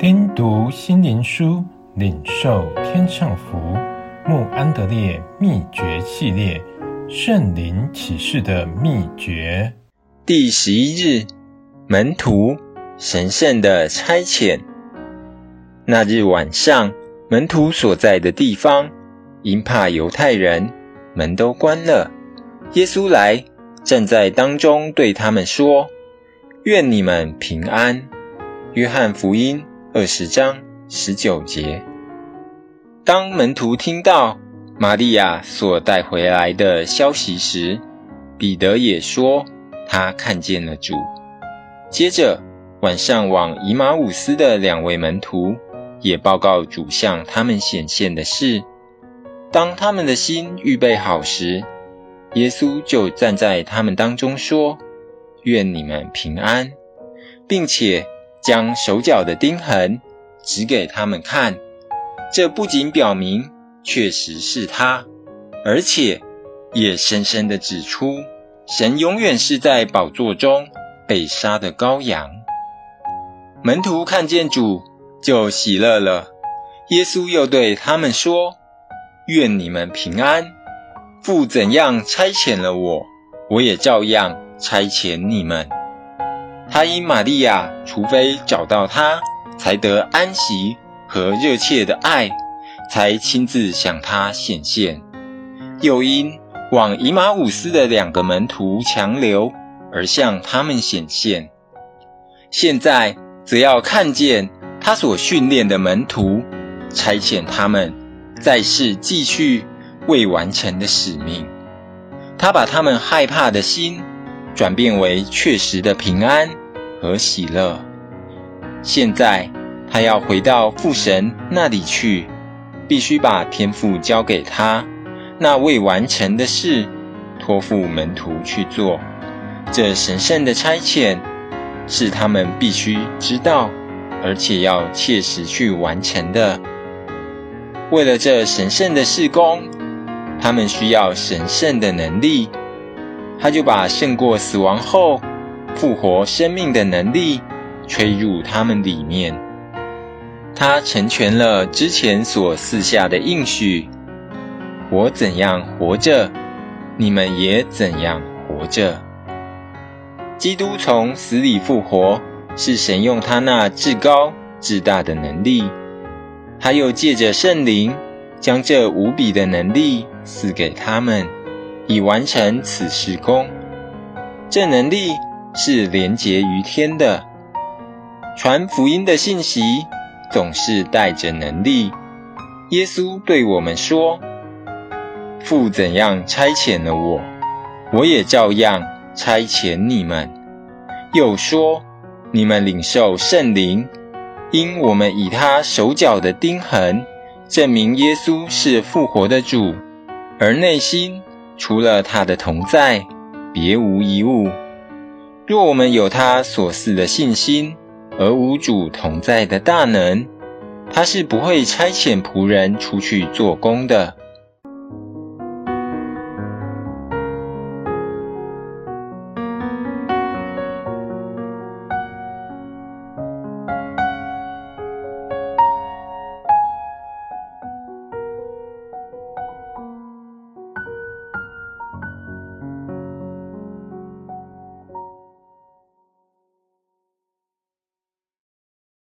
聽讀心靈書，領受天上福。慕安德烈秘訣系列《聖靈啟示的秘訣》第十一日，門徒神聖的差遣。那日晚上，門徒所在的地方因怕猶太人，門都關了。耶穌來，站在當中，對他們說：“願你們平安。”約翰福音。二十章十九節，當門徒聽到瑪利亞所帶回來的消息時，彼得也說他看見了主。接着，晚上往以馬忤斯的兩位門徒也報告主向他們顯現的事。當他們的心預備好時，耶穌就站在他們當中說：“願你們平安，並且。”將手腳的釘痕指給他們看，這不僅表明確實是他，而且也深深的指出，神永遠是在寶座中被殺的羔羊。門徒看見主就喜樂了。耶穌又對他們說：“願你們平安！父怎樣差遣了我，我也照樣差遣你們。”他因瑪利亞。除非找到他，才得安息和熱切的愛，才親自向他顯現；又因往以馬忤斯的兩個門徒強留，而向他們顯現。現在則要看見他所訓練的門徒，差遣他們在世繼續未完成的使命。他把他們害怕的心，轉變為確實的平安。和喜樂。現在他要回到父神那裡去，必須把天父交給他，那未完成的事託付門徒去做。這神聖的差遣是他們必須知道，而且要切實去完成的。為了這神聖的事工，他們需要神聖的能力。他就把勝過死亡後。復活生命的能力吹入他們裡面，他成全了之前所賜下的應許。我怎樣活着，你們也怎樣活着。基督從死裡復活，是神用他那至高至大的能力，他又借着聖靈將這無比的能力賜給他們，以完成此事工。這能力。是聯結於天的，傳福音的信息總是帶着能力。耶穌對我們說：“父怎樣差遣了我，我也照樣差遣你們。”又說：“你們領受聖靈，因我們以他手腳的釘痕證明耶穌是復活的主，而內心除了他的同在，別無一物。”若我們有他所賜的信心，而無主同在的大能，他是不會差遣僕人出去做工的。